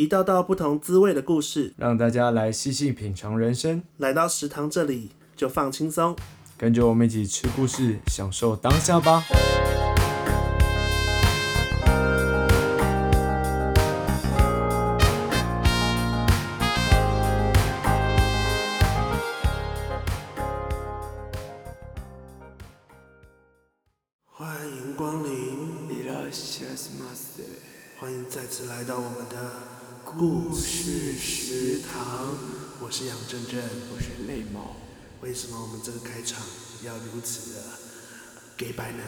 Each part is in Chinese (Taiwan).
一道道不同滋味的故事，讓大家來細細品嘗人生。來到食堂這裡，就放輕鬆，跟着我們一起吃故事，享受當下吧！歡迎光臨，歡迎再次來到我們的。故事食堂，我是楊震震，我是沫呈。為什麼我們這個開場要如此的給白呢？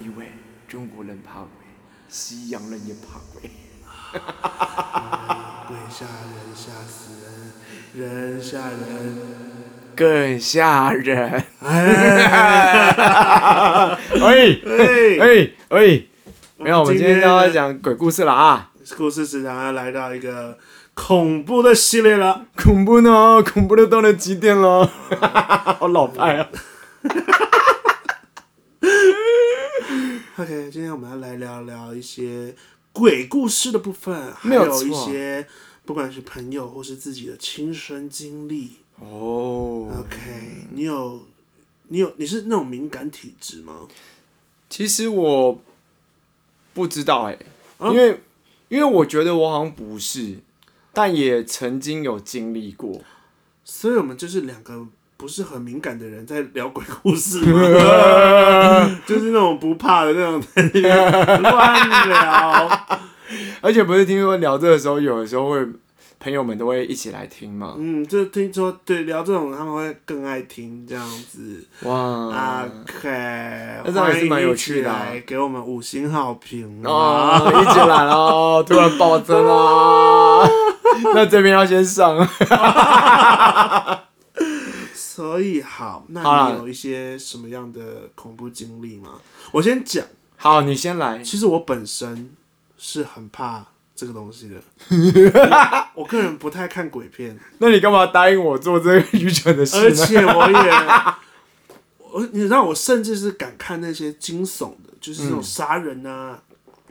因為中國人怕鬼，西洋人也怕鬼。哈哈哈哈哈哈！鬼嚇人，嚇死人，人嚇人，更嚇人。哈哈哈哈哎哎哎哎，沒有，我們今天就要講鬼故事了啊！故事食堂要來到一個恐怖的系列了，恐怖呢，恐怖的到了極點了，uh, 好老派呀，啊。 OK，今天我們要來聊聊一些鬼故事的部分，有啊，還有一些不管是朋友或是自己的親身經歷。哦，oh,，OK，你有你有你是那種敏感體質嗎？其實我不知道哎，欸，uh? 因為。因為我覺得我好像不是，但也曾經有經歷過，所以我們就是兩個不是很敏感的人在聊鬼故事， 就是那種不怕的那種亂 亂聊， 而且不是聽說聊這個時候有的時候會。朋友們都會一起來聽嘛？嗯，就聽說對聊這種他們會更愛聽這樣子。哇、啊、，OK，那還是蠻有趣的、啊。給我們五星好評啊、哦！一起來哦， 突然暴增啊！ 那這邊要先上。 所以好，那你有一些什麼樣的恐怖經歷嗎？我先講。好、欸，你先來。其實我本身是很怕。這個東西的 我，我個人不太看鬼片。那你幹嘛答應我做這個愚蠢的事呢？而且我也，我你知道，我甚至是敢看那些驚悚的，就是那種殺人啊、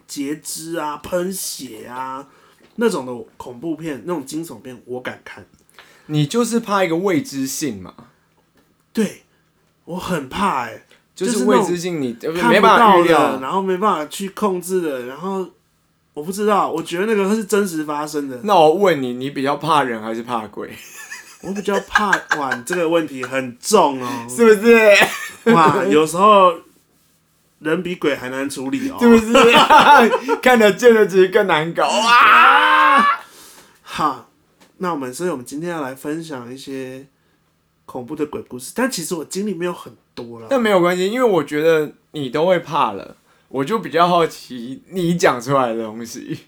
截肢啊、噴血啊那種的恐怖片，那種驚悚片，我敢看。你就是怕一個未知性嘛？對，我很怕哎，欸嗯，就是未知性你，你，就是，沒辦法預料，然後沒辦法去控制的，然後。我不知道，我覺得那個是真實發生的。那我問你，你比較怕人還是怕鬼？我比較怕鬼，哇，這個問題很重哦、喔，是不是？哇，有時候人比鬼還難處理哦、喔，是不是？ 看得見的其實更難搞。哇！好、啊，那我們，所以我們今天要來分享一些恐怖的鬼故事，但其實我經歷沒有很多了。但沒有關係，因為我覺得你都會怕了。我就比較好奇，你講出來的東西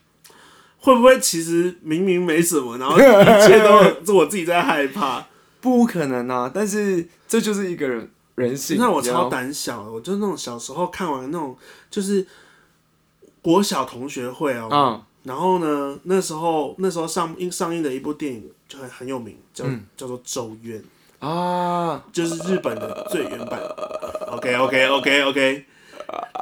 會不會其實明明沒什麼，然後一切都是我自己在害怕？ 不可能啊！但是這就是一個人人性。那我超膽小，我就那種小時候看完那種，就是國小同學會啊、喔。嗯，然後呢，那時候那時候上映上映的一部電影就很很有名，叫、嗯、叫做《咒怨》啊，就是日本的最原版。OK OK OK OK。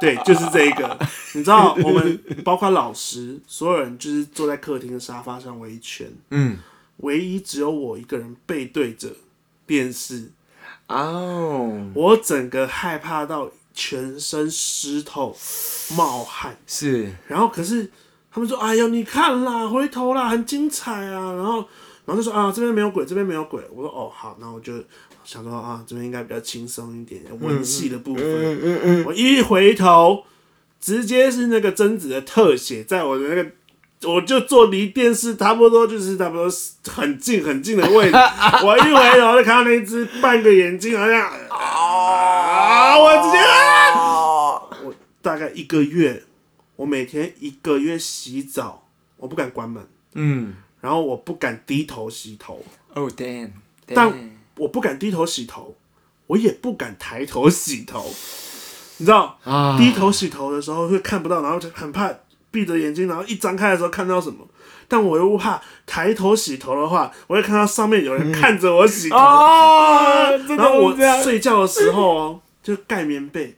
對，就是這一個。你知道，我們包括老師， 所有人就是坐在客廳的沙發上圍一圈。嗯，唯一只有我一個人背對着電視。哦，我整個害怕到全身濕透、冒汗。是。然後，可是他們說：“哎呦，你看啦，回頭啦，很精彩啊。”然後，然後就說：“啊，這邊沒有鬼，這邊沒有鬼。”我說：“哦，好，那我就。”想說啊，這邊應該比較輕鬆一點，溫戲的部分，嗯嗯嗯嗯嗯。我一回頭，直接是那個貞子的特寫，在我的那個，我就坐離電視差不多，就是差不多很近很近的位置。 我一回頭就看到那一隻半個眼睛，好像 啊，我直接啊，啊！我大概一個月，我每天一個月洗澡，我不敢關門，嗯，然後我不敢低頭洗頭。Oh, damn！damn. 但我不敢低頭洗頭，我也不敢抬頭洗頭，你知道，啊、低頭洗頭的時候會看不到，然後就很怕閉着眼睛，然後一張開的時候看到什麼。但我又怕抬頭洗頭的話，我會看到上面有人看着我洗頭。嗯啊、然後我睡覺的時候哦，就蓋棉被，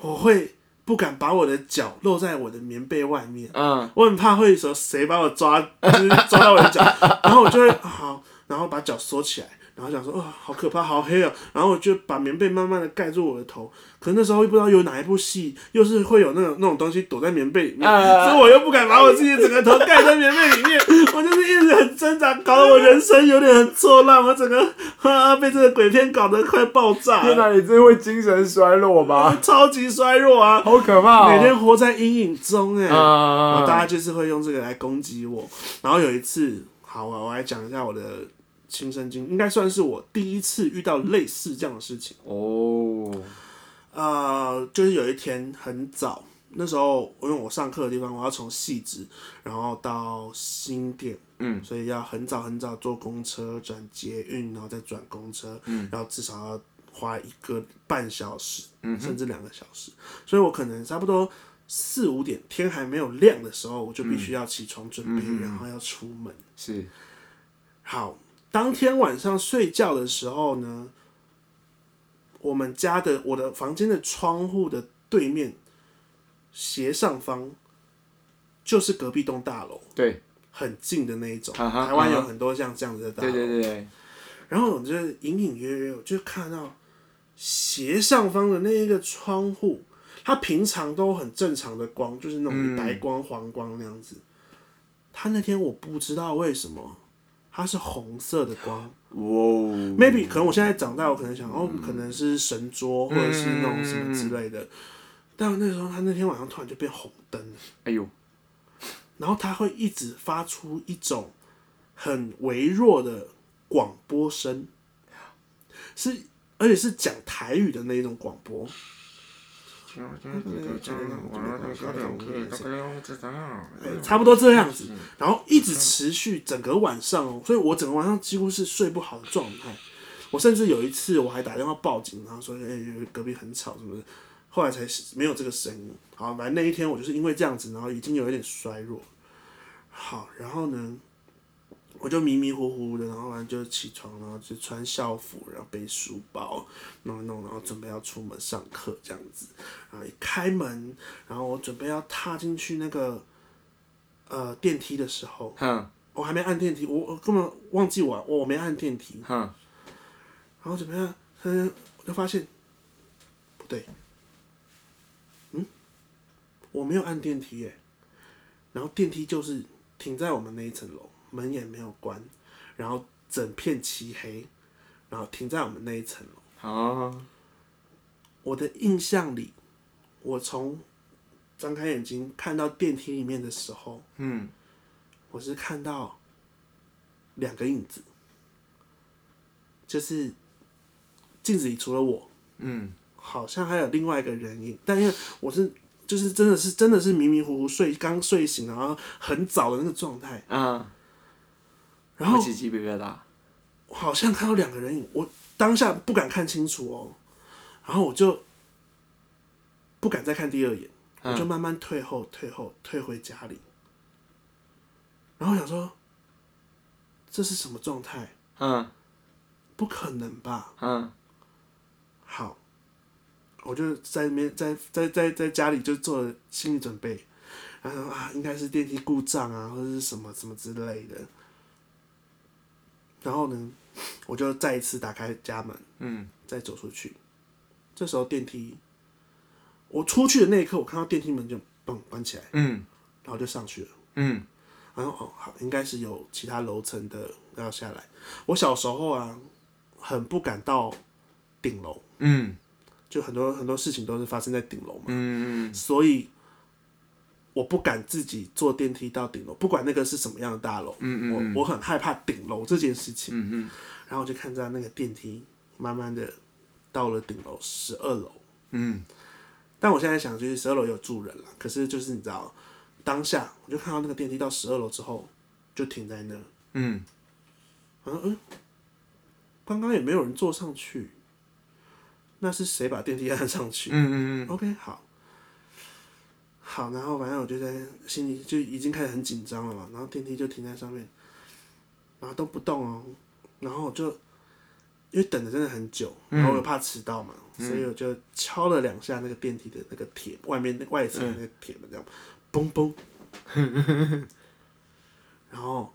我會不敢把我的腳露在我的棉被外面。嗯，我很怕會說誰把我抓，就是抓到我的腳， 然後我就會、啊、好，然後把腳縮起來。然後想說，啊、哦，好可怕，好黑啊！然後我就把棉被慢慢的蓋住我的頭。可那時候又不知道有哪一部戲，又是會有那種、個、那種東西躲在棉被裡面、啊，所以我又不敢把我自己整個頭蓋在棉被裡面。啊、我就是一直很掙扎，搞得我人生有點很錯亂。我整個哈哈被這個鬼片搞得快爆炸！天哪，你這會精神衰弱吧？超級衰弱啊！好可怕、哦，每天活在陰影中、欸啊。然後、啊，大家就是會用這個來攻擊我。然後有一次，好、啊，我我來講一下我的。親身經歷應該算是我第一次遇到類似這樣的事情哦，呃、oh. uh,，就是有一天很早，那時候因為我上課的地方我要從汐止，然後到新店，嗯，所以要很早很早坐公車轉捷運，然後再轉公車，嗯，然後至少要花一個半小時，嗯，甚至兩個小時，所以我可能差不多四五點天還沒有亮的時候，我就必須要起床準備、嗯，然後要出門，是好。當天晚上睡覺的時候呢，我們家的我的房間的窗戶的對面斜上方就是隔壁棟大樓，對，很近的那一種。啊啊、台灣有很多像這樣子的大樓。對對對對。然後我就隱隱約約，我就看到斜上方的那一個窗戶，它平常都很正常的光，就是那種白光、黃光那樣子。他、嗯、那天我不知道為什麼。它是紅色的光，maybe 可能我現在長大，我可能想哦，可能是神桌或者是那種什麼之類的。但那時候，他那天晚上突然就變紅燈，哎呦，然後他會一直發出一種很微弱的廣播聲，是而且是講台語的那一種廣播。 哎，差不多這樣子，然後一直持續整個晚上喔，所以我整個晚上幾乎是睡不好的狀態。我甚至有一次我還打電話報警，然後說哎，隔壁很吵是不是，後來才沒有這個聲音。好，反正那一天我就是因為這樣子，然後已經有一點衰弱。好，然後呢？我就迷迷糊糊的，然後完就起床，然後就穿校服，然後背書包，弄一弄，然後準備要出門上課這樣子。然後一開門，然後我準備要踏進去那個，呃，電梯的時候，huh. 我還沒按電梯，我我根本忘記我我沒按電梯，huh. 然後怎麼樣？他我就發現不對，嗯，我沒有按電梯誒，然後電梯就是停在我們那一層樓。門也沒有關，然後整片漆黑，然後停在我們那一層樓、oh. 我的印象裡，我從張開眼睛看到電梯裡面的時候，嗯、mm.，我是看到兩個影子，就是鏡子裡除了我，嗯、mm.，好像還有另外一個人影，但因為我是就是真的是真的是迷迷糊糊睡剛睡醒，然後很早的那個狀態，uh. 然後好像看到兩個人影，我當下不敢看清楚哦。然後我就不敢再看第二眼，嗯、我就慢慢退後、退後、退回家裡。然後想說這是什麼狀態？嗯，不可能吧？嗯，好，我就在裡面在在在在家裡就做了心理準備。然後啊，應該是電梯故障啊，或者是什麼什麼之類的。然後呢，我就再一次打開家門，嗯，再走出去。這時候電梯，我出去的那一刻，我看到電梯門就嘣關起來，嗯，然後就上去了，嗯，然後哦，好，應該是有其他樓層的要下來。我小時候啊，很不敢到頂樓，嗯，就很多很多事情都是發生在頂樓嘛，嗯嗯，所以。我不敢自己坐電梯到頂樓，不管那個是什麼樣的大樓，嗯嗯嗯，我我很害怕頂樓這件事情，嗯嗯。然後我就看到那個電梯慢慢的到了頂樓十二樓。但我現在想就是十二樓有住人了，可是就是你知道當下，我就看到那個電梯到十二樓之後就停在那。嗯，嗯，剛剛也沒有人坐上去，那是誰把電梯按上去？嗯嗯嗯。OK，好。好，然後反正我就在心裡就已經開始很緊張了嘛，然後電梯就停在上面，然後都不動哦，然後我就因為等的真的很久，嗯、然後我又怕遲到嘛、嗯，所以我就敲了兩下那個電梯的那個鐵外面外層那個鐵門，嗯、這樣，嘣嘣。 然後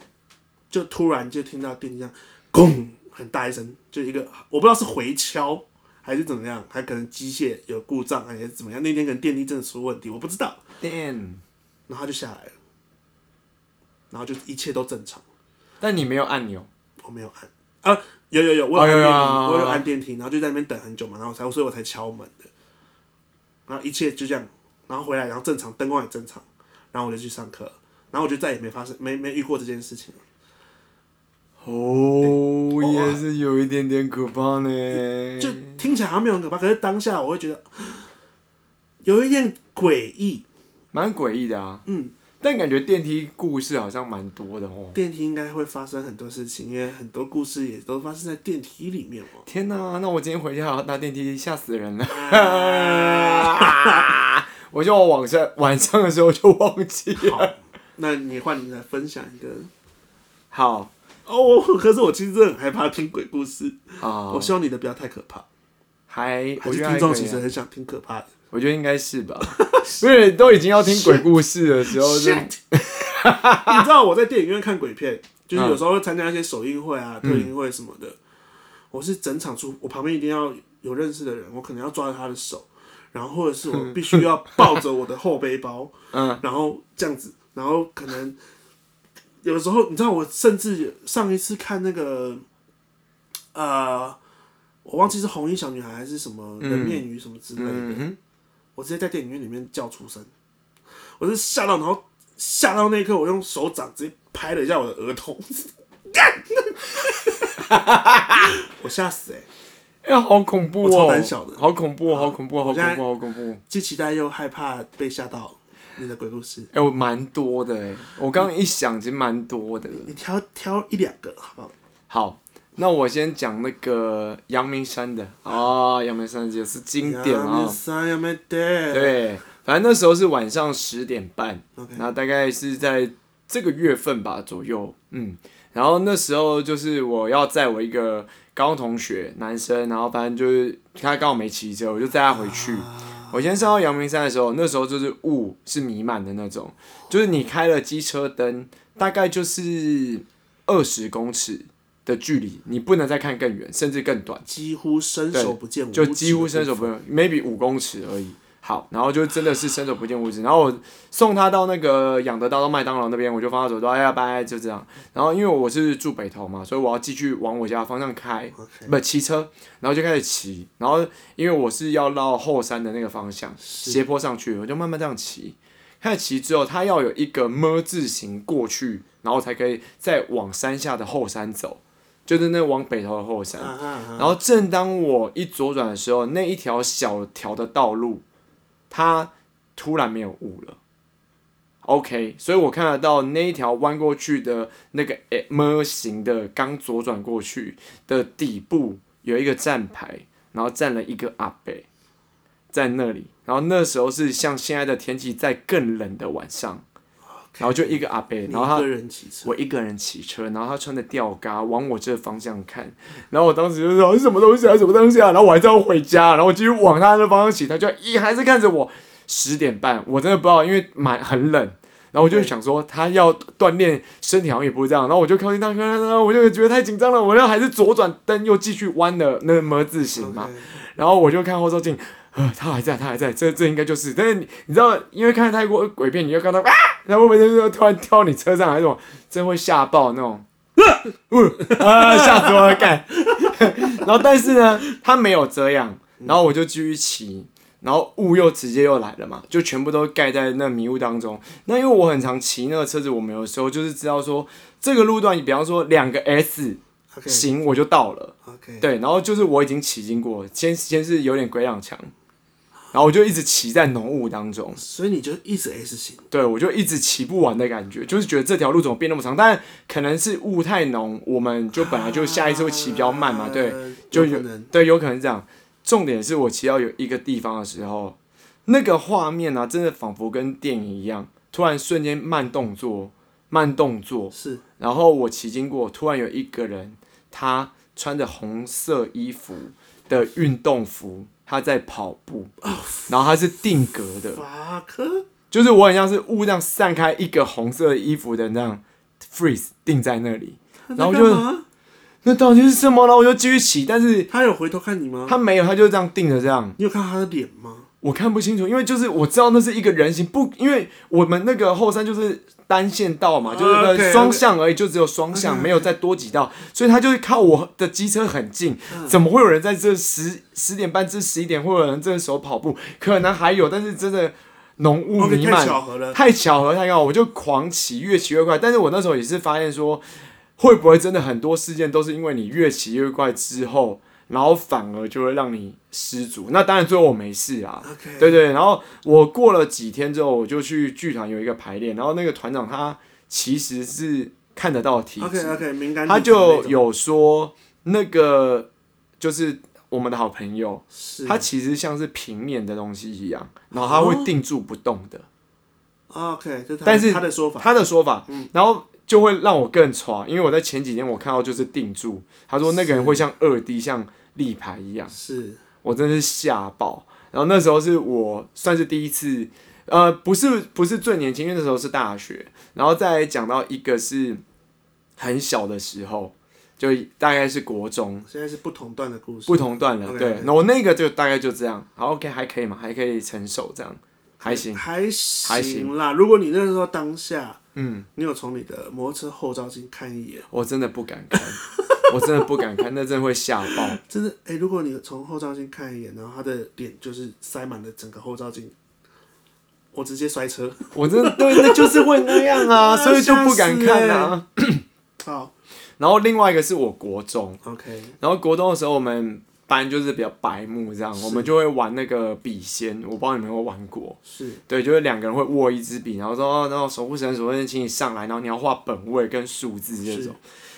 就突然就聽到電梯這樣，咣，很大一聲，就一個我不知道是回敲，還是怎麼樣？還可能機械有故障，還是怎麼樣？那天可能電梯真的出問題，我不知道。電，然後就下來了，然後就一切都正常。但你沒有按鈕？我沒有按啊，有有有，我有按電梯，oh, 我有按電梯 oh, 我有按電梯 oh, 然後就在那邊等很久嘛，然後才所以我才敲門的。然後一切就這樣，然後回來，然後正常，燈光也正常，然後我就去上課，然後我就再也沒發生，沒沒遇過這件事情。哦，也是有一點點可怕呢。就聽起來好像沒有很可怕，可是當下我會覺得有一點詭異，蠻詭異的啊。嗯，但感覺電梯故事好像蠻多的哦。電梯應該會發生很多事情，因為很多故事也都發生在電梯裡面哦。天哪，那我今天回家要搭電梯嚇死人了！ 我就我晚上，晚上的時候就忘記了 好，那你換你來分享一個好。哦、oh,，可是我其實真的很害怕聽鬼故事，oh. 我希望你的不要太可怕。Hi, 我覺得還，還聽眾其實很想聽可怕的，我覺得應該是吧？因 為 都已經要聽鬼故事的時候就 Shit. Shit. 你知道我在電影院看鬼片，就是有時候會參加一些首映會啊，特，uh. 映會什麼的。我是整場出，我旁邊一定要有認識的人，我可能要抓着他的手，然後或者是我必須要抱着我的後背包，uh. 然後這樣子，然後可能。有時候，你知道我甚至上一次看那個，呃，我忘記是紅衣小女孩還是什麼人面魚什麼之類的、嗯，我直接在電影院裡面叫出聲，我是嚇到，然後嚇到那一刻，我用手掌直接拍了一下我的額頭， 我嚇死哎、欸，哎、欸，好恐怖哦，我超膽小的，好恐怖、哦，好恐怖、哦嗯，好恐怖、哦，好恐怖、哦，既期待又害怕被嚇到。你的鬼故事？哎、欸，我蠻多的，我剛剛一想，其實蠻多的。你，你挑挑一兩個好不好？好，那我先講那個陽明山的啊，陽明山也是經典啊、哦。San，對，反正那時候是晚上十點半，那、okay。大概是在這個月份吧左右。嗯，然後那時候就是我要載我一個高中同學，男生，然後反正就是他剛好沒騎車，我就載他回去。Uh... 我先上到陽明山的時候，那時候就是霧是彌漫的那種，就是你開了機車燈，大概就是二十公尺的距離，你不能再看更遠，甚至更短，幾乎伸手不見五指，就幾乎伸手不見，maybe 五公尺而已。好，然後就真的是伸手不見五指。 然後我送他到那個仰德大道到麥當勞那邊，我就放他走，說哎呀拜，就這樣。然後因為我是住北投嘛，所以我要繼續往我家方向開，okay. 不騎車，然後就開始騎。然後因為我是要繞後山的那個方向斜坡上去，我就慢慢這樣騎。開始騎之後，他要有一個麼字形過去，然後才可以再往山下的後山走，就是那往北投的後山。 然後正當我一左轉的時候，那一條小條的道路。他突然沒有霧了，OK，所以我看得到那一條彎過去的那個 M 型的剛左轉過去的底部有一個站牌，然後站了一個阿伯在那裡，然後那時候是像現在的天氣，在更冷的晚上。然後就一個阿伯，一個人騎車，然後他我一個人騎車，然後他穿着吊嘎往我這方向看，然後我當時就說，是什麼東西啊，什麼東西啊，然後我還是要回家，然後我繼續往他的方向騎，他就咦還，還是看着我，十點半我真的不知道，因為蠻很冷，然後我就想說他要鍛鍊身體好像也不會這樣，然後我就靠近他，然後我就覺得太緊張了，我要還是左轉燈又繼續彎的那麼字形嘛對對對，然後我就看後照鏡。呃，他還在，他還在，這這應該就是，但是你你知道，因為看泰國鬼片，你就看到，啊，然後我們就會突然跳你車上，還是什麼，真會嚇爆那種，啊、 呃，嚇死我了，蓋 概。 然後但是呢，他沒有這樣，然後我就繼續騎，然後霧又直接又來了嘛，就全部都蓋在那迷霧當中。那因為我很常騎那個車子我沒，我們有的時候就是知道說這個路段，比方說兩個 S、okay. 行，我就到了、okay. 對，然後就是我已經騎經過了，先先是有點鬼擋牆。然後我就一直騎在濃霧當中，所以你就一直 S 型。對，我就一直騎不完的感覺，就是覺得這條路怎麼變那麼長？但可能是霧太濃，我們就本來就下意識會騎比較慢嘛。啊、對，就有對，有可能這樣。重點是我騎到有一個地方的時候，那個畫面啊，真的仿佛跟電影一樣，突然瞬間慢動作，慢動作是。然後我騎經過，突然有一個人，他穿着紅色衣服，的運動服，他在跑步，oh, 然後他是定格的，就是我很像是霧那樣散開一個紅色衣服的那樣 freeze 定在那裡，然後就那到底是什麼？然後我就繼續騎，但是他有回頭看你嗎？他沒有，他就這樣定的這樣。你有看他的臉嗎？我看不清楚，因為就是我知道那是一個人形，不，因為我們那個後山就是單線道嘛，就是雙向而已，就只有雙向，沒有再多幾道，所以他就是靠我的機車很近。怎麼會有人在這十十點半至十一點，會有人這時候跑步？可能還有，但是真的濃霧瀰漫 okay, 太巧合了。太巧合了，太巧合了，我就狂騎，越騎越快。但是我那時候也是發現說，會不會真的很多事件都是因為你越騎越快之後，然後反而就會讓你。失足，那當然最後我沒事啊。Okay. 對，對對，然後我過了幾天之後，我就去劇團有一個排練，然後那個團長他其實是看得到體質。Okay, okay, 他就有說那個就是我們的好朋友，他其實像是平面的東西一樣，然後他會定住不動的。哦、OK，但是他的說法，他的說法，然後就會讓我更爽，因為我在前幾天我看到就是定住，他說那個人會像二 D 像立牌一樣，是。我真的是嚇爆！然後那時候是我算是第一次，呃，不是不是最年輕，因為那時候是大學。然後再講到一個是很小的時候，就大概是國中。現在是不同段的故事，不同段了。Okay, 對，我、okay. 那個就大概就這樣。好，OK，還可以嘛，還可以承受這樣，還行，還，還行啦還行。如果你那時候當下，嗯，你有從你的摩托車後照鏡看一眼，我真的不敢看。 我真的不敢看，那真的會嚇爆！真的，哎、欸，如果你從後照鏡看一眼，然後他的臉就是塞滿了整個後照鏡，我直接摔車。我真的 對，那就是會那樣啊，欸、所以就不敢看啊。 好，然後另外一個是我國中，OK，然後國中的時候我們。班就是比較白目這樣，我們就會玩那個筆仙，我不知道你們有沒有玩過，對，就是兩個人會握一支筆，然後說哦，然後守護神守護神，請你上來，然後你要畫本位跟數字這種。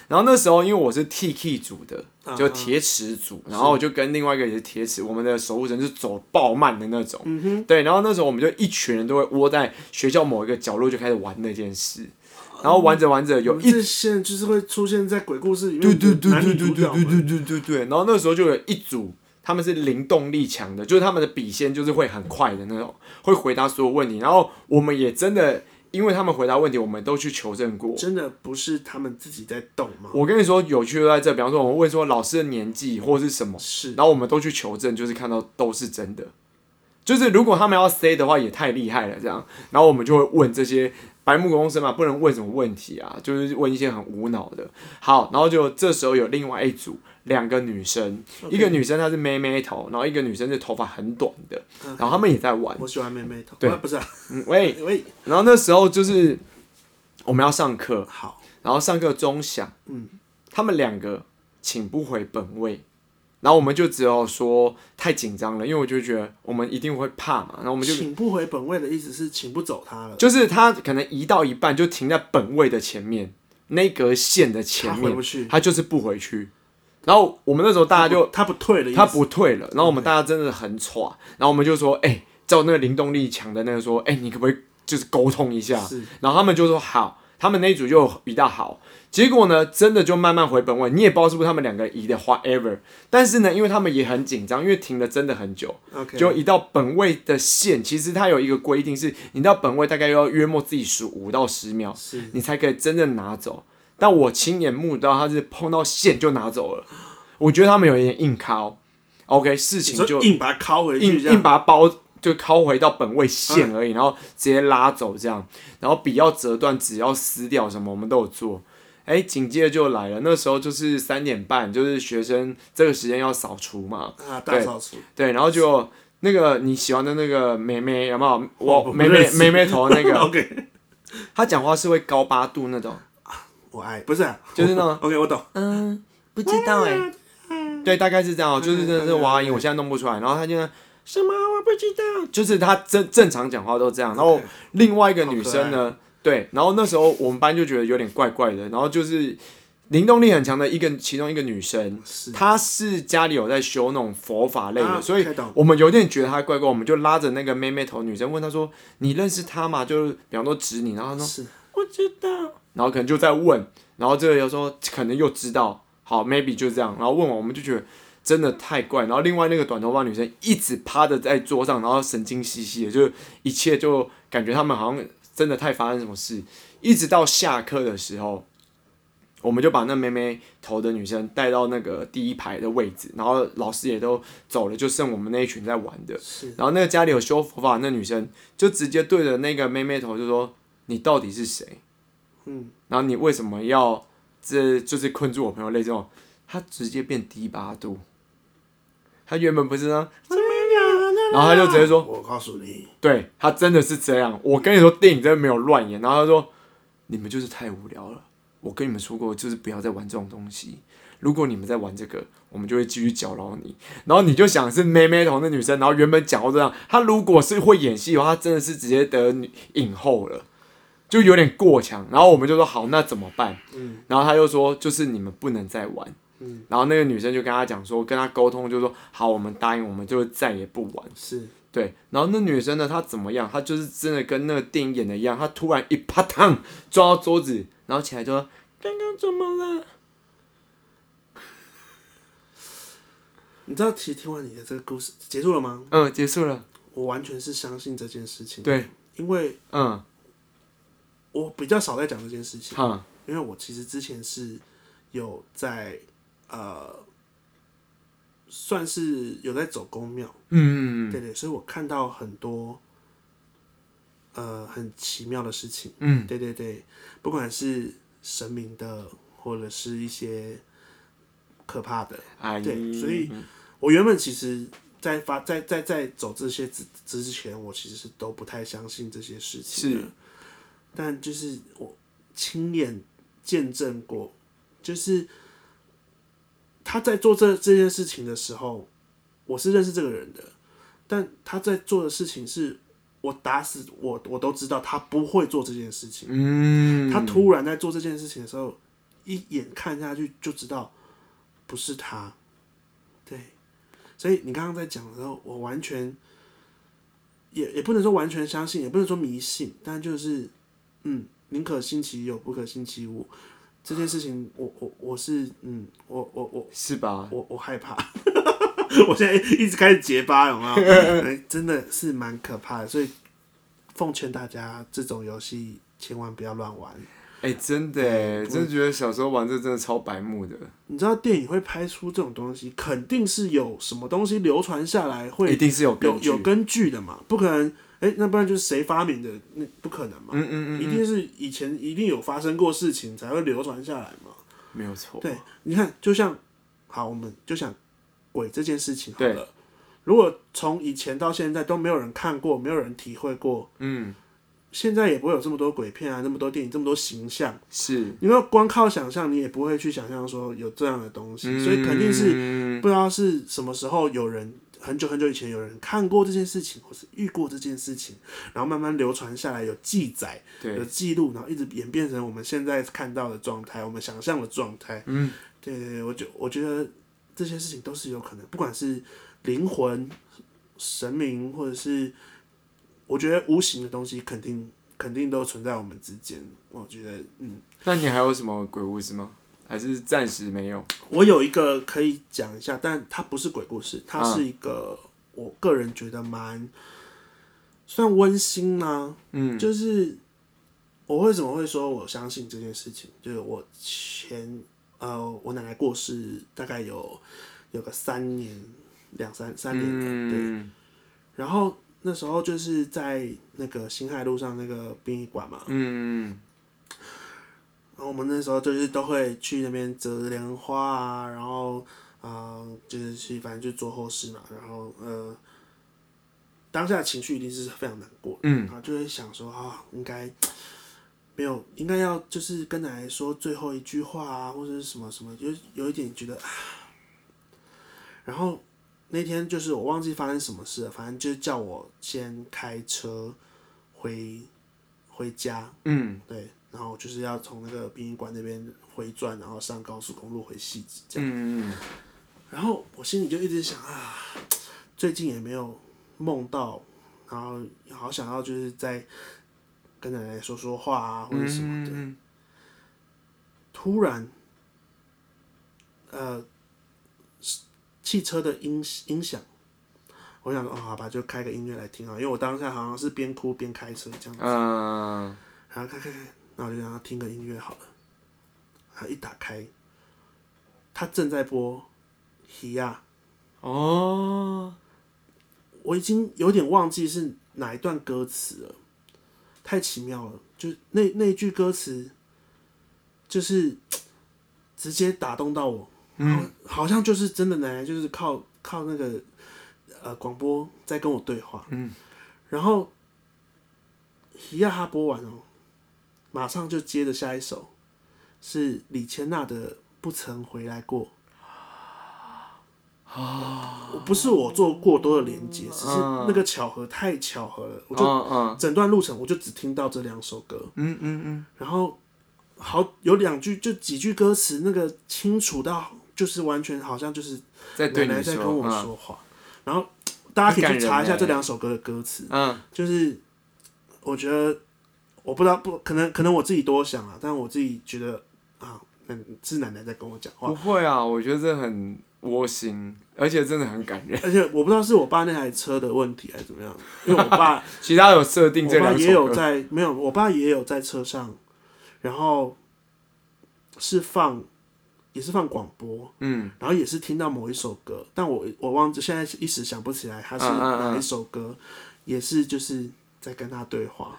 然後那時候因為我是 TK 組的，就鐵齒組、啊，然後我就跟另外一個也是鐵齒，我們的守護神是走爆慢的那種、嗯哼，對，然後那時候我們就一群人都會窩在學校某一個角落就開始玩那件事。然後玩着玩着，有一、嗯、些就是會出現在鬼故事裡面。對對對對對對對對對對。然後那時候就有一組，他們是靈動力強的，就是他們的筆仙就是會很快的那種，會回答所有問題。然後我們也真的，因為他們回答問題，我們都去求證過。真的不是他們自己在動嗎？我跟你說，有趣就在這，比方說我們問說老師的年紀或是什麼是，然後我們都去求證，就是看到都是真的。就是如果他們要 say 的話，也太厲害了這樣。然後我們就會問這些。白目公司嘛，不能問什麼問題啊，就是問一些很無腦的。好，然後就這時候有另外一組兩個女生，okay. 一個女生她是妹妹頭，然後一個女生就頭髮很短的，okay. 然後他們也在玩。我喜歡妹妹頭。對，啊、不是、啊嗯。喂喂，然後那時候就是我們要上課，好，然後上課鐘響，嗯，他們兩個請不回本位。然後我們就只有說太緊張了，因為我就覺得我們一定會怕嘛。然後我們就請不回本位的意思是請不走他了，就是他可能移到一半就停在本位的前面，那格線的前面他回不去。他就是不回去。然後我們那時候大家就他不，他不退了，他不退了。然後我們大家真的很挫。然後我們就說，哎、欸，叫那個靈動力強的那個說，哎、欸，你可不可以就是溝通一下？然後他們就說好。他們那一組就比較好，結果呢，真的就慢慢回本位。你也不知道是不是他們兩個移的 whatever，但是呢，因為他們也很緊張，因為停了真的很久。Okay. 就移到本位的線，其實它有一個規定是，是你到本位大概要約莫自己數五到十秒是，你才可以真正拿走。但我親眼目睹到他是碰到線就拿走了。我覺得他們有一點硬靠，OK，事情就硬把它靠回去，硬，硬把它包。就摳回到本位線而已，嗯，然後直接拉走這樣，然後筆要折斷，紙要撕掉，什麼我們都有做。哎，緊接着就來了，那時候就是三點半，就是學生這個時間要掃除嘛。啊，大掃除。對，對，然後就那個你喜歡的那個妹妹，有沒有？我妹妹我，妹妹頭那個。 okay. 她、他講話是會高八度那種。我愛。不是、啊，就是那種。O、okay, K，我懂。嗯，不知道哎，欸。對，大概是這樣。就是真的是娃娃音，我現在弄不出來。嗯，然後他就。什麼我不知道，就是他正正常講話都這樣，okay。然後另外一個女生呢？對，然後那時候我們班就覺得有點怪怪的，然後就是靈動力很強的一個其中一個女生，她是家裡有在修那種佛法類的，啊，所以我們有點覺得她怪怪，我們就拉着那個妹妹頭女生問她說：“你認識她嗎？”就比方說指你，然後她說：“是，我知道。”然後可能就在問，然後這個有說可能又知道，好，maybe 就這樣，然後問完我們就覺得。真的太怪，然後另外那個短頭髮女生一直趴着在桌上，然後神經兮兮的，就一切就感覺他們好像真的太發生什麼事。一直到下課的時候，我們就把那妹妹頭的女生帶到那個第一排的位置，然後老師也都走了，就剩我們那一群在玩的。是，然後那個家裡有修佛法那女生就直接對着那個妹妹頭就說：“你到底是誰？嗯，然後你為什麼要這就是困住我朋友類的？”那種她直接變低八度。他原本不是這樣，然後他就直接說：“我告訴你，對他真的是這樣。我跟你說，電影真的沒有亂演。然後他說，你們就是太無聊了。我跟你們說過，就是不要再玩這種東西。如果你們在玩這個，我們就會繼續攪擾你。然後你就想是妹妹頭的女生。然後原本講到這樣，他如果是會演戲的話，他真的是直接得影后了，就有點過強。然後我們就說好，那怎麼辦？嗯，然後他又說，就是你們不能再玩。”嗯，然後那個女生就跟他講說，跟他溝通就是說，好，我們答應，我們就再也不玩。是，對。然後那女生呢，她怎麼樣？她就是真的跟那個電影演的一樣，她突然一啪嗒，抓到桌子，然後起來就說：“剛剛怎麼了？”你知道，其實聽完你的這個故事結束了嗎？嗯，結束了。我完全是相信這件事情。對，因為嗯，我比較少在講這件事情。哈、嗯，因為我其實之前是有在。呃，算是有在走宮廟，嗯，嗯，嗯，對對，所以我看到很多呃很奇妙的事情，嗯，對對對，不管是神明的或者是一些可怕的，啊、對嗯嗯，所以我原本其實在，在發在在在走這些之之前，我其實是都不太相信這些事情的，是，但就是我親眼見證過，就是。他在做這這件事情的時候，我是認識這個人的，但他在做的事情是我打死我我都知道他不會做這件事情。嗯。他突然在做這件事情的時候，一眼看下去就知道不是他。對，所以你剛剛在講的時候，我完全也也不能說完全相信，也不能說迷信，但就是嗯，寧可信其有，不可信其無。這件事情我，我我我是嗯，我我我是吧，我我害怕， 我現在一直開始結巴了哎，真的是蠻可怕的，所以奉勸大家，這種遊戲千萬不要亂玩。哎、欸，真的、嗯，真的覺得小時候玩這真的超白目的。你知道電影會拍出這種東西，肯定是有什麼東西流傳下來會，會、欸、一定是有有有根據的嘛，不可能。哎、欸，那不然就是誰發明的？那不可能嘛、嗯嗯嗯，一定是以前一定有發生過事情才會流傳下來嘛。沒有錯。對，你看，就像好，我們就想鬼這件事情好了。如果從以前到現在都沒有人看過，沒有人體會過，嗯，現在也不會有這麼多鬼片啊，那麼多電影，這麼多形象。是因為光靠想象，你也不會去想象說有這樣的東西，嗯、所以肯定是不知道是什麼時候有人。很久很久以前，有人看過這件事情，或是遇過這件事情，然後慢慢流傳下來有，有記載，對，有記錄，然後一直演變成我們現在看到的狀態，我們想象的狀態。嗯，對對對，我就我覺得這些事情都是有可能，不管是靈魂、神明，或者是我覺得無形的東西，肯定肯定都存在我們之間。我覺得，嗯，那你還有什麼鬼故事嗎？還是暫時沒有。我有一個可以講一下，但它不是鬼故事，它是一個我個人覺得蠻算溫馨嗎？啊？嗯，就是我為什麼會說我相信這件事情，就是我前呃，我奶奶過世大概有有個三年兩三三年、年、嗯、對，然後那時候就是在那個辛亥路上那個殯儀館嘛。嗯。我們那時候就是都會去那邊折蓮花啊，然後，呃，就是去反正就做後事嘛，然後呃，當下的情緒一定是非常難過，嗯，啊，就會想說啊，應該沒有，應該要就是跟奶奶說最後一句話啊，或者是什麼什麼，就有，有一點覺得啊，然後那天就是我忘記發生什麼事了，反正就是叫我先開車回回家，嗯，對。然後就是要從那個殯儀館那邊回轉，然後上高速公路回汐止這樣，嗯。然後我心裡就一直想啊，最近也沒有夢到，然後好想要就是在跟奶奶說說話啊或者什麼的，嗯。突然，呃，汽車的音音響，我想說哦，好吧，就開個音樂來聽啊，因為我當下好像是邊哭邊開車這樣子。啊，然後看看。看那我就讓他聽個音樂好了，啊！一打開，他正在播《西亞》、啊，哦，我已經有點忘記是哪一段歌詞了，太奇妙了！就那那句歌詞，就是直接打動到我，嗯，呃、好像就是真的奶就是靠靠那個呃廣播在跟我對話，嗯，然後《西亞》他播完了、哦。馬上就接着下一首是李千娜的《不曾回來過》啊、哦！不是我做過多的連接、嗯，只是那個巧合，嗯，太巧合了。嗯，我就，嗯，整段路程我就只聽到這兩首歌。嗯嗯嗯，然後好有兩句就幾句歌詞，那個清楚到就是完全好像就是奶奶在跟我說話。說嗯，然後大家可以去查一下這兩首歌的歌詞，嗯。就是我覺得。我不知道，不可能，可能我自己多想啊。但我自己覺得啊，是奶奶在跟我講話。不會啊，我覺得這很窩心，而且真的很感人。而且我不知道是我爸那台車的問題還是怎麼樣，因為我爸 其他有設定這兩，我爸也有在，沒有，我爸也有在車上，然後是放，也是放廣播，嗯，然後也是聽到某一首歌，但我我忘記，現在一時想不起來他是哪一首歌，嗯嗯嗯，也是就是在跟他對話。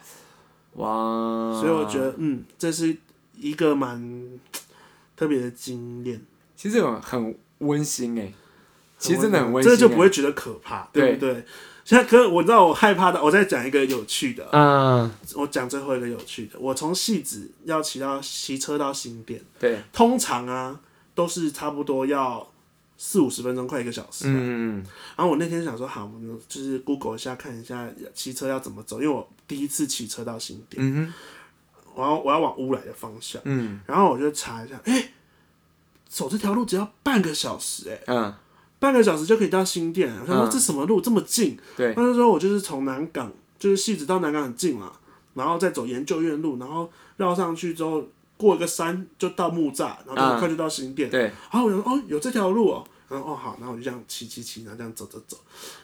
哇、wow！所以我覺得，嗯，這是一個蠻特別的經驗。其實這種很溫馨哎，其實真的很溫馨，這個、就不會覺得可怕，對，對不對？現在可是我知道我害怕的，我再講一個有趣的、啊。嗯、uh，我講最後一個有趣的。我從汐止要騎到騎車到新店，對，通常啊都是差不多要。四五十分鐘，快一個小時。嗯，然後我那天想說，好，我們，就是 Google 一下看一下騎車要怎麼走，因為我第一次騎車到新店。嗯，我要我要往烏來的方向。嗯。然後我就查一下，哎，走這條路只要半個小時，哎，嗯，半個小時就可以到新店。我說這什麼路這麼近？對。他就說，我就是從南港，就是汐止到南港很近嘛，然後再走研究院路，然後繞上去之後。過一個山就到木柵，然後很快就到新店。Uh, 對，然後我說：“哦，有這條路哦。”然後哦好，然後我就這樣騎騎騎，然後這樣走走走。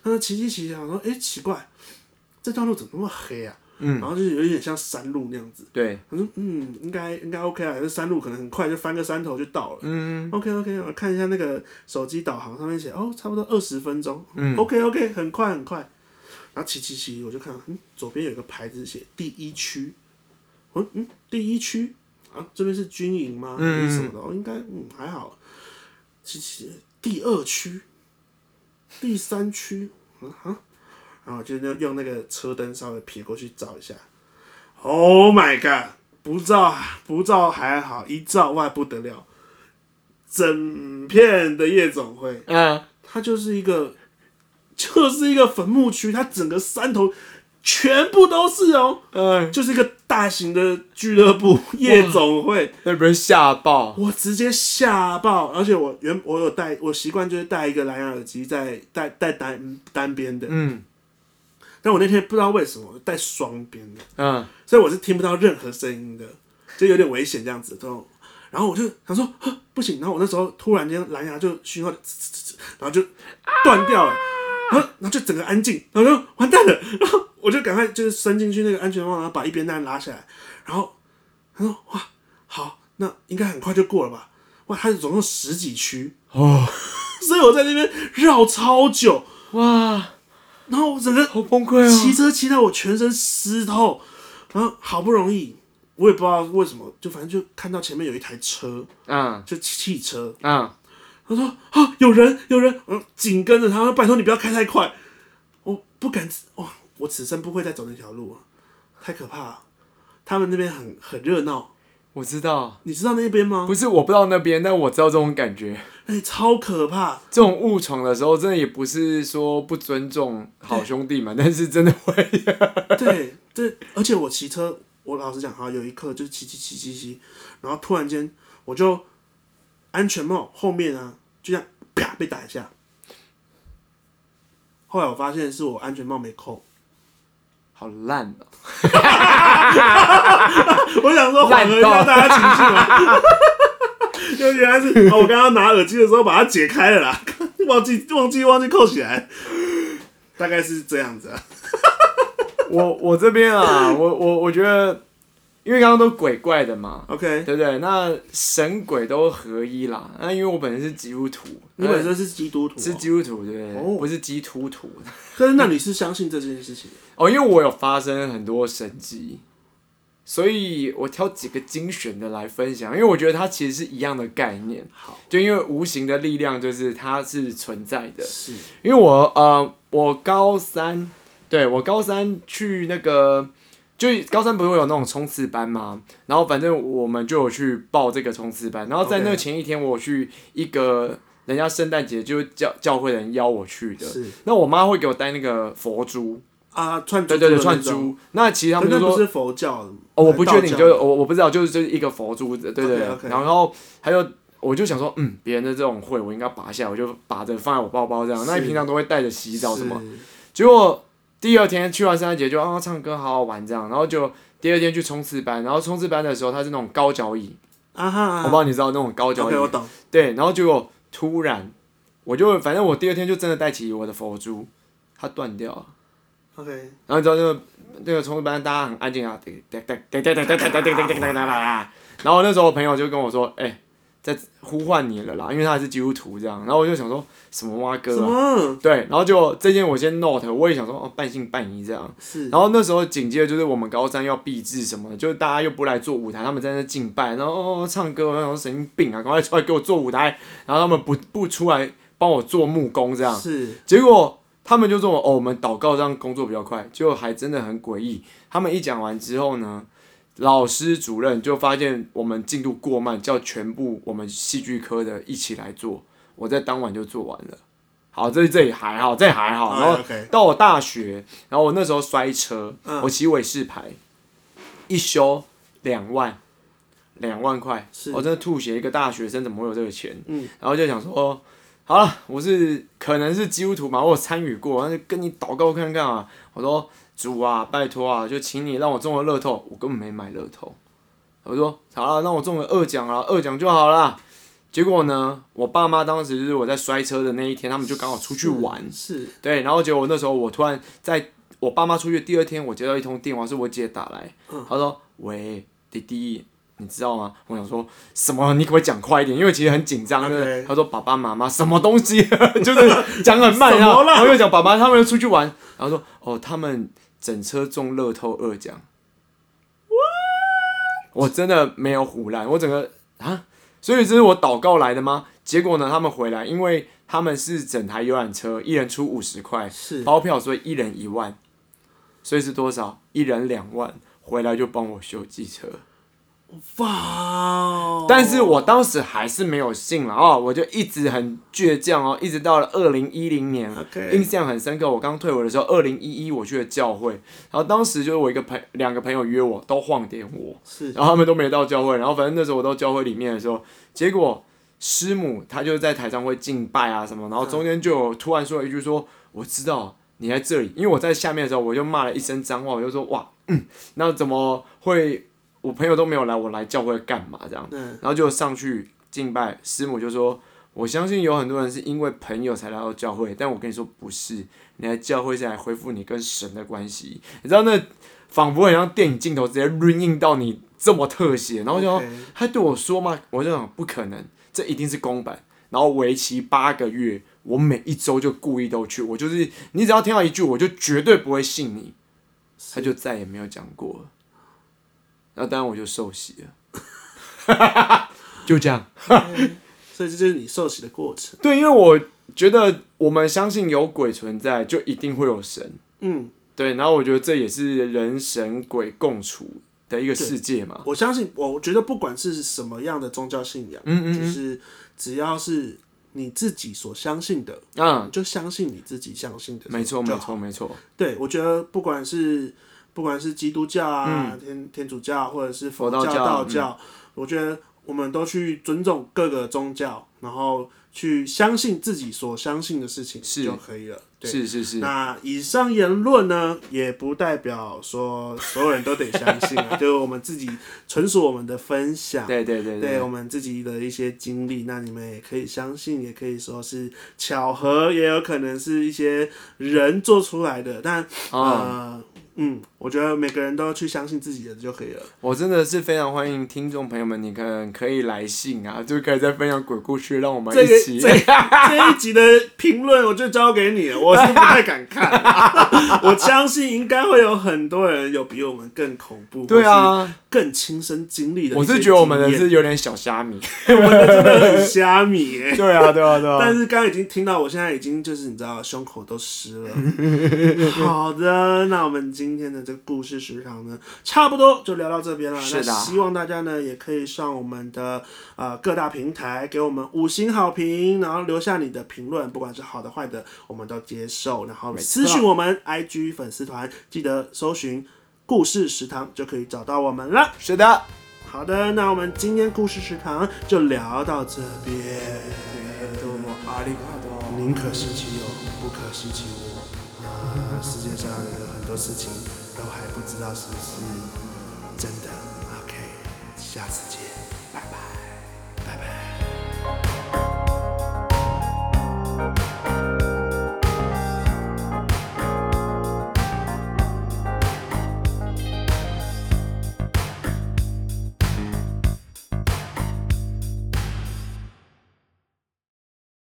他說：“騎騎騎。”我說：“哎，奇怪，這條路怎麼那麼黑啊？”嗯，然後就是有一點像山路那樣子。對，他說：“嗯，應該應該 OK 啊，那山路可能很快就翻個山頭就到了。嗯”嗯，OK OK，我看一下那個手機導航上面寫哦，差不多二十分鐘。嗯，OK OK，很快很快。然後騎騎騎，我就看嗯，左邊有一個牌子寫第一區。我說：“嗯，第一區。”啊，這邊是軍營嗎？嗯，嗯什麼的哦，應該嗯還好。其實第二區、第三區啊，然後就用用那個車燈稍微撇過去照一下。Oh my god！不照不照還好，一照外不得了，整片的夜總會，嗯，它就是一個就是一個墳墓區，它整個山頭。全部都是哦，嗯，就是一個大型的俱樂部夜總會，那邊嚇爆，我直接嚇爆，而且我原我有帶，我習慣就是帶一個藍牙耳機在帶帶單單邊的，嗯，但我那天不知道為什麼帶雙邊的，嗯，所以我是聽不到任何聲音的，就有點危險這樣子，然後然後我就想說，不行，然後我那時候突然間藍牙就信號，然後就斷掉了，然後就整個安靜，然後就完蛋了，然後。我就趕快就是伸進去那個安全帽，然後把一邊帶拉下來，然後他說：“哇，好，那應該很快就過了吧？”哇，它是總共十幾區哦， 所以我在那邊繞超久，哇，然後整個好崩潰啊！騎車騎到我全身濕透，然後好不容易我也不知道為什麼，就反正就看到前面有一台車嗯就汽車嗯，嗯，他說：“啊，有人，有人！”嗯，緊跟着他，他說，拜託你不要開太快，我不敢哇。我此生不會再走那條路，啊，太可怕了。他們那邊很很熱鬧，我知道。你知道那邊嗎？不是，我不知道那邊，但我知道這種感覺。哎、欸，超可怕！這種誤闖的時候，真的也不是說不尊重好兄弟嘛，但是真的會。 對對，而且我騎車，我老實講，哈，有一刻就是騎騎騎騎騎，然後突然間我就安全帽後面呢、啊，就這樣啪被打一下。後來我發現是我安全帽沒扣。好爛吶、哦！ 我想說緩和一下大家情緒嘛。就 原來是，哦、我剛剛拿耳機的時候把它解開了啦， 忘記忘記忘記扣起來， 大概是這樣子啊。啊 我我這邊啊，我我我覺得。因為剛剛都鬼怪的嘛，OK，對不對，對？那神鬼都合一啦。那因為我本身是基督徒，你本身是基督徒，呃、是基督徒，哦、對不對，對？哦，我是基督徒。可 是那你是相信這件事情的？哦，因為我有發生很多神跡，所以我挑幾個精選的來分享，因為我覺得它其實是一樣的概念。好，就因為無形的力量，就是它是存在的。是，因為我呃，我高三，對，我高三去那個。就高三不是有那種衝刺班嘛，然後反正我們就有去報這個衝刺班，然後在那前一天我去一個人家聖誕節就是教教會人邀我去的，那我媽會給我帶那個佛珠啊，串珠對對對串珠，那其實他們就說是佛教的，哦我不確定就我我不知道就是這是一個佛珠，對對,對，okay, okay. 然後還有我就想說嗯別人的這種會我應該拔下來，我就拔着放在我包包這樣，那你平常都會帶着洗澡什麼，結果。第二天去完聖誕節就啊、哦、唱歌好好玩這樣，然後就第二天去衝刺班，然後衝刺班的時候他是那種高腳椅，uh -huh. 我不知道你知道那種高腳椅 okay, 我懂，對，然後結果突然我就反正我第二天就真的帶起我的佛珠，它斷掉了、okay. 然後你知道那個那個衝刺班大家很安靜啊，然後那時候我朋友就跟我說，哎、欸。在呼喚你了啦，因為他還是基督徒這樣，然後我就想說什麼蛙哥啊，啊對，然後就這件我先 note，我也想說哦半信半疑這樣，是，然後那時候緊接着就是我們高三要畢製什麼的，就是大家又不來做舞台，他們在那敬拜，然後哦唱歌，然後神經病啊，趕快出來給我做舞台，然後他們不不出來幫我做木工這樣，是，結果他們就說哦，我們禱告這樣工作比較快，結果還真的很詭異，他們一講完之後呢。老師主任就發現我們進度過慢，叫全部我們戲劇科的一起來做。我在當晚就做完了。好，這這裡，好這裡還好，這還好。然後、okay. 到我大學，然後我那時候摔車，啊、我騎偉士牌，一修兩萬，兩萬塊，我真的吐血。一個大學生怎麼會有這個錢、嗯？然後就想說，哦、好了，我是可能是基督徒嘛，我有參與過，那就跟你禱告看看啊。我說。主啊，拜託啊，就請你讓我中個樂透，我根本沒買樂透。我說好啦，讓我中個二獎啊，二獎就好啦。結果呢，我爸媽當時就是我在摔車的那一天，他們就剛好出去玩。是，是對，然後結果那時候我突然在我爸媽出去的第二天，我接到一通電話，是我姐打來，她、嗯、說：“喂，弟弟，你知道嗎？”我想說什麼，你可不可以講快一點？因為其實很緊張、okay. 就是，他她說：“爸爸媽媽什麼東西？” 就是講很慢， 然後我又講：“爸爸他們又出去玩。”然後說：“哦，他們。”整車中樂透二獎，哇！我真的沒有唬爛，我整個啊，所以這是我禱告來的嗎？結果呢，他們回來，因為他們是整台遊覽車，一人出五十塊是包票，所以一人一萬，所以是多少？一人兩萬，回來就幫我修機車。哇、wow！但是我當時還是沒有信了哦，我就一直很倔強哦、喔，一直到了二零一零年，印、okay. 象很深刻。我剛退伍的時候，二零一一我去了教會，然後當時就是我一個朋兩個朋友約我都晃點我，是，是，然後他們都沒到教會，然後反正那時候我到教會裡面的時候，結果師母他就在台上會敬拜啊什麼，然後中間就有突然說了一句說、嗯、我知道你在這裡，因為我在下面的時候我就罵了一聲髒話，我就說哇、嗯，那怎麼會?我朋友都沒有來，我來教會幹嘛？這樣，嗯、然後就上去敬拜。師母就說：“我相信有很多人是因為朋友才來到教會，但我跟你說不是，你來教會是來恢復你跟神的關係。”你知道那仿佛很像電影鏡頭，直接 run 印到你這麼特寫。然後就、okay. 他對我說嘛，我就想不可能，這一定是公版。然後為期八個月，我每一周就故意都去。我就是你只要聽到一句，我就絕對不會信你。他就再也沒有講過了。那當然我就受洗了， 就這樣。 嗯，所以這就是你受洗的過程。對，因為我覺得我們相信有鬼存在，就一定會有神。嗯，對。然後我覺得這也是人神鬼共處的一個世界嘛。我相信，我覺得不管是什麼樣的宗教信仰，嗯嗯，就是只要是你自己所相信的，嗯，就相信你自己相信的。沒錯，沒錯，沒錯。對，我覺得不管是。不管是基督教啊、嗯、天天主教，或者是佛教、佛道教、道教、嗯，我覺得我們都去尊重各個宗教，然後去相信自己所相信的事情就可以了。是對是是、是。那以上言論呢，也不代表說所有人都得相信啊， 就是我們自己純屬我們的分享。對對對、對、對。對我們自己的一些經歷，那你們也可以相信，也可以說是巧合，也有可能是一些人做出來的。但、哦、呃嗯。我覺得每個人都要去相信自己的就可以了。我真的是非常歡迎聽眾朋友們，你可能可以來信啊，就可以再分享鬼故事，讓我們一起。這，這,這一集的評論我就交給你了，我是不太敢看。 我相信應該會有很多人有比我們更恐怖，對啊，更親身經歷的經驗。我是覺得我們的是有點小蝦米， 我們的真的很蝦米、欸。對啊，對啊，對啊。對啊 但是剛剛已經聽到我，我現在已經就是你知道，胸口都濕了。 好的，那我們今天的這個。故事食堂呢，差不多就聊到這邊了。那希望大家呢也可以上我們的呃各大平台給我們五星好評，然後留下你的評論，不管是好的壞的，我們都接受。然後諮詢我們 IG 粉絲團，記得搜尋“故事食堂”就可以找到我們了。是的，好的，那我們今天故事食堂就聊到這邊。麼多，阿里阿多，寧可失去有，不可失去無。啊， 世界上有很多事情。不知道是不是真的，OK，下次見。